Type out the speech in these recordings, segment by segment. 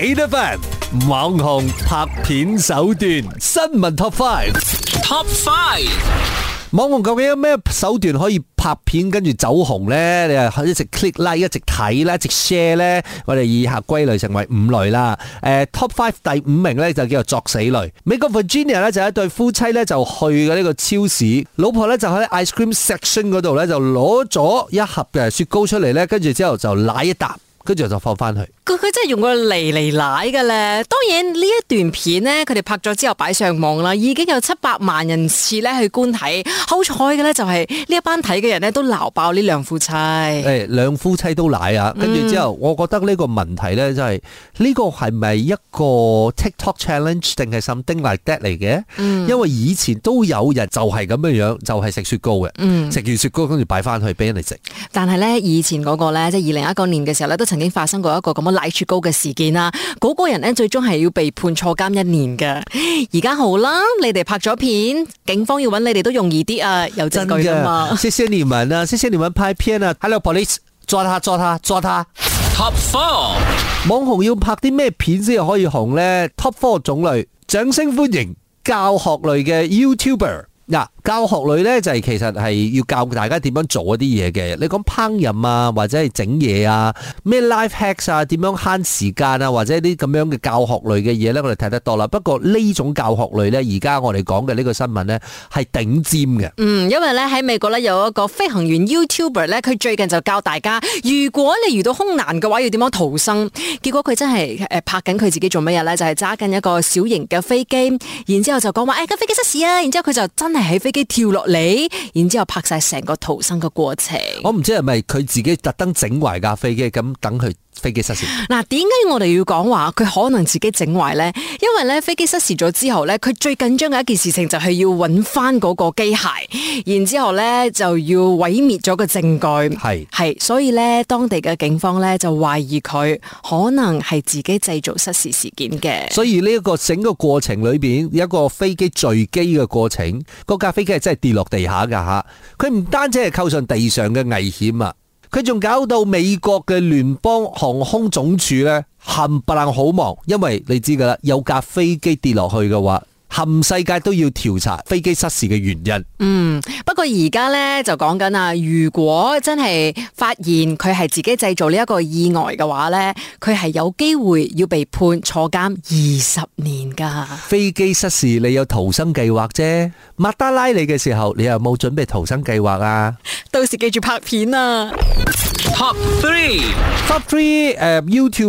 幾多份？網紅拍片手段新聞 Top Five，Top Five，網紅究竟有咩手段可以拍片跟住走紅呢？你係一直 click like，一直睇咧，一直 share 呢？我哋以下歸類成為五類啦。誒，uh，Top Five 第五名呢，就叫做作死類。美國 Virginia 呢，就係一對夫妻呢，就去嘅呢個超市，老婆呢，就喺 ice cream section 嗰度呢，就攞咗一盒嘅雪糕出嚟呢。跟住之後就舐一啖，跟住就放翻去。佢佢真係用個嚟嚟奶嘅咧，當然呢一段片咧，佢哋拍咗之後擺上網啦，已經有七百萬人次咧去觀睇。好彩嘅咧就係呢一班睇嘅人咧都鬧爆呢兩夫妻。誒，兩夫妻都奶啊！跟住之後我覺得呢個問題咧、就是，真係呢個係咪一個 TikTok challenge 定係 something like that 嚟嘅？嗯、因為以前都有人就係咁樣樣就係、是、食雪糕嘅，食、嗯、完雪糕跟住擺翻去俾人哋食。但係咧，以前嗰、那個咧，即係二零一九年嘅時候咧，都曾經發生過一個咁樣大雪高嘅事件啦、啊，嗰、那個人咧最終係要被判坐監一年嘅。而家好啦，你哋拍咗片，警方要揾你哋都容易啲啊，有證據啊嘛。謝謝你們啊，謝謝你們拍片啊。Hello police，抓他，抓他，抓他。Top four，4 網紅要拍啲咩片先可以紅呢 Top four 種類，掌聲歡迎教學類嘅 YouTuber 嗱。Yeah. 教學類呢，就係其實係要教大家點樣做一啲嘢嘅，你講烹飪啊或者係整嘢啊咩 life hacks 啊點樣慳時間啊或者啲咁樣嘅教學類嘅嘢呢，我哋睇得多啦，不過呢種教學類呢，而家我哋講嘅呢個新聞呢，係頂尖嘅。嗯，因為呢，喺美國呢，有一個飛行員 YouTuber 呢，佢最近就教大家如果你遇到空難嘅話要點樣逃生，結果佢真係誒、呃、拍緊佢自己做乜嘢呢？就係揸緊一個小型嘅飛機，然之後就講話誒個飛機失事啊，然之後佢就真係喺機跳落嚟，然之後拍晒成個逃生嘅過程。我唔知係咪佢自己特登整壞架飛機，咁等佢。飛機失事嗱，點解我哋要講話佢可能自己整壞呢？因為咧，飛機失事咗之後呢，佢最緊張嘅一件事情就係要揾翻嗰個機械，然之後咧就要毀滅咗個證據，係係是，所以呢，當地嘅警方呢，就懷疑佢可能係自己製造失事事件嘅。所以呢一個整個過程裏邊，有一個飛機墜機嘅過程，嗰架飛機係真係跌落地下噶吓，佢唔單止係構上地上嘅危險啊！佢仲搞到美國嘅聯邦航空總署呢，冚唪唥好忙，因為你知噶啦，有架飛機跌落去嘅話。冚世界都要調查飛機失事嘅原因。嗯，不過而家呢，就講緊啊，如果真係發現佢係自己製造呢一個意外嘅話呢，佢係有機會要被判坐監二十年㗎。飛機失事，你有逃生計劃啫。麥當拉你嘅時候，你有冇準備逃生計劃啊？到時記住拍片啊。Top three，Top three 誒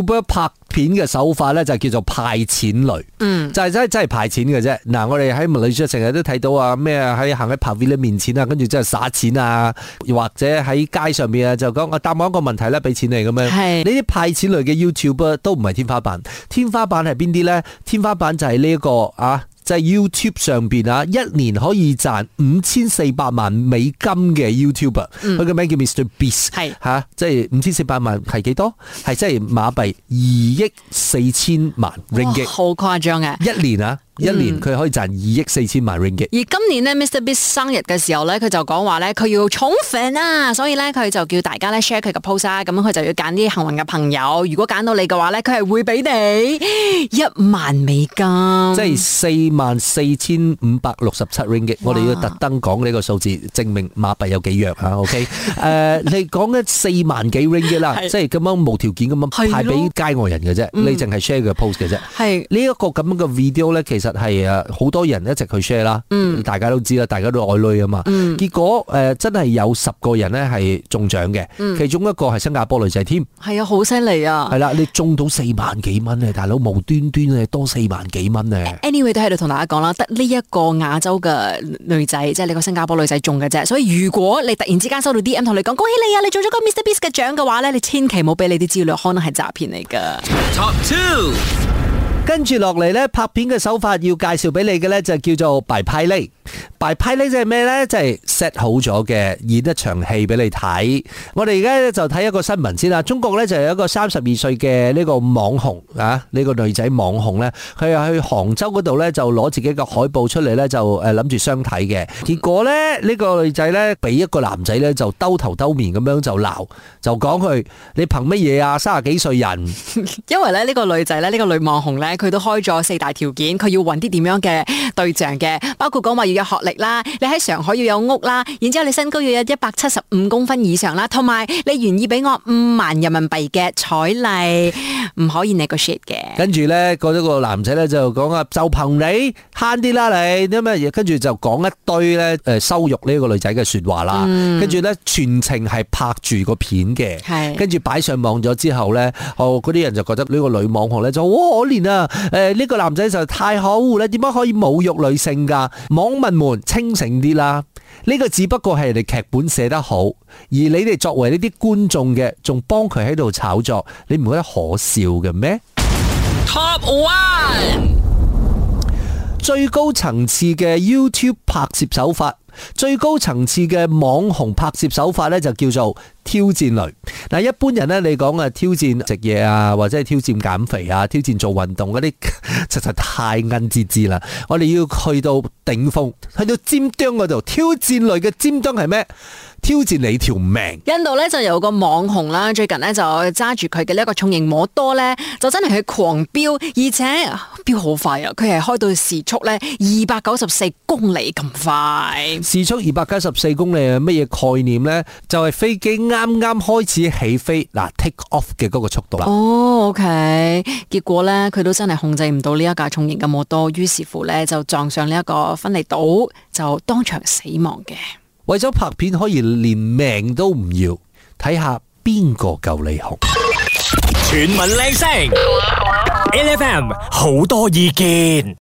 ，YouTuber 拍。片嘅手法咧就叫做派錢類、嗯就是，就係真真係派錢嘅啫。嗱、啊，我哋喺馬來西亞成日都睇到啊咩啊，喺行喺 Pavilion 面前啊，跟住真係撒錢啊，或者喺街上面啊就講我答我一個問題咧，俾錢是你咁樣。呢啲派錢類嘅 YouTube 都唔係天花板，天花板係邊啲咧？天花板就係呢一個啊。就係 YouTube 上邊啊，一年可以賺五千四百萬美金嘅 YouTuber，佢個、嗯、名叫 Mr Beast，係吓是，即係五千四百萬係幾多？係即係馬幣二億四千萬 ringgit 好、哦、誇張嘅，一年啊。一年佢可以賺二億四千萬 ringgit。而今年呢 Mr. Beast 生日嘅時候咧，佢就講話咧，佢要寵 fan 啊，所以咧佢就叫大家咧 share 佢個 post 啊，咁佢就要揀啲幸運嘅朋友，如果揀到你嘅話咧，佢係會俾你一萬美金，即係四萬四千五百六十七 ringgit。我哋要特登講呢個數字，證明馬幣有幾弱吓。OK，誒， uh, 你講緊四萬幾 ringgit 啦， 即係咁樣無條件咁樣派俾街外人嘅啫，咯你淨係 share 佢嘅 post 嘅啫。係呢一個咁樣嘅 video 咧，其實。係啊，好多人一直去 share 啦，嗯大，大家都知啦，大家都愛女啊嘛。嗯、結果誒、呃，真係有十個人咧係中獎嘅，嗯、其中一個係新加坡女仔添。係、嗯、啊，好犀利啊！係啦，你中到四萬幾蚊啊，大佬無端端多四萬幾蚊啊。Anyway 都喺度同大家講啦，得呢一個亞洲嘅女仔，即係你個新加坡女仔中嘅啫。所以如果你突然之間收到 DM 同你講恭喜你啊，你中咗個 Mr. Beast 嘅獎嘅話咧，你千祈唔好俾你啲資料，可能係詐騙嚟噶。Top two。跟住落嚟咧，拍片嘅手法要介紹俾你嘅咧，就叫做擺拍呢。擺拍呢即係咩咧？即係 set 好咗嘅，演一場戲俾你睇。我哋而家咧就睇一個新聞先啦。中國咧就有一個三十二歲嘅呢個網紅啊，呢個女仔網紅咧，佢又去杭州嗰度咧就攞自己個海報出嚟咧就誒諗住相睇嘅。結果咧呢個女仔咧俾一個男仔咧就兜頭兜面咁樣就鬧，就講佢，你憑乜嘢啊？三十幾歲人，因為咧呢個女仔咧呢個女網紅咧。佢都開咗四大條件，佢要揾啲點樣嘅對象嘅，包括講話要有學歷啦，你喺上海要有屋啦，然之後你身高要有一百七十五公分以上啦，同埋你願意俾我五萬人民幣嘅彩禮，唔可以你個 shit 嘅。跟住呢，嗰一個男仔呢就講啊，就憑你慳啲啦你，咩嘢？」跟住就講一堆呢誒、呃，羞辱呢個女仔嘅說話啦。嗯、跟住呢，全程係拍住個片嘅，是跟住擺上網咗之後呢，嗰、哦、啲人就覺得呢個女網紅呢就好可憐啊。誒，呢、啊這個男仔就太可惡啦！點解可以侮辱女性噶？網民們清醒啲啦！呢、這個只不過係人哋劇本寫得好，而你哋作為呢啲觀眾嘅，仲幫佢喺度炒作，你唔覺得可笑嘅咩？Top One 最高層次嘅 YouTube 拍攝手法，最高層次嘅網紅拍攝手法呢，就叫做。挑戰類嗱，一般人咧，你講啊挑戰食嘢啊，或者係挑戰減肥啊，挑戰做運動嗰啲， 實在太恩之之啦。我哋要去到頂峰，去到尖端嗰度。挑戰類嘅尖端係咩？挑戰你條命。印度呢就有個網紅啦，最近呢就揸住佢嘅一個重型摩多呢，就真係去狂飆，而且飆好快啊！佢係開到時速呢，二百九十四公里咁快。時速二百九十四公里係乜嘢概念呢？就係飛機。啱啱開始起飛嗱，take off 嘅嗰個速度啦，哦、oh，OK，結果咧佢都真係控制唔到呢一架重型摩哆，於是乎咧就撞上呢一個分離島，就當場死亡嘅。為咗拍片可以連命都唔要，睇下邊個夠你紅？全民靚聲 ，L F M 好多意見。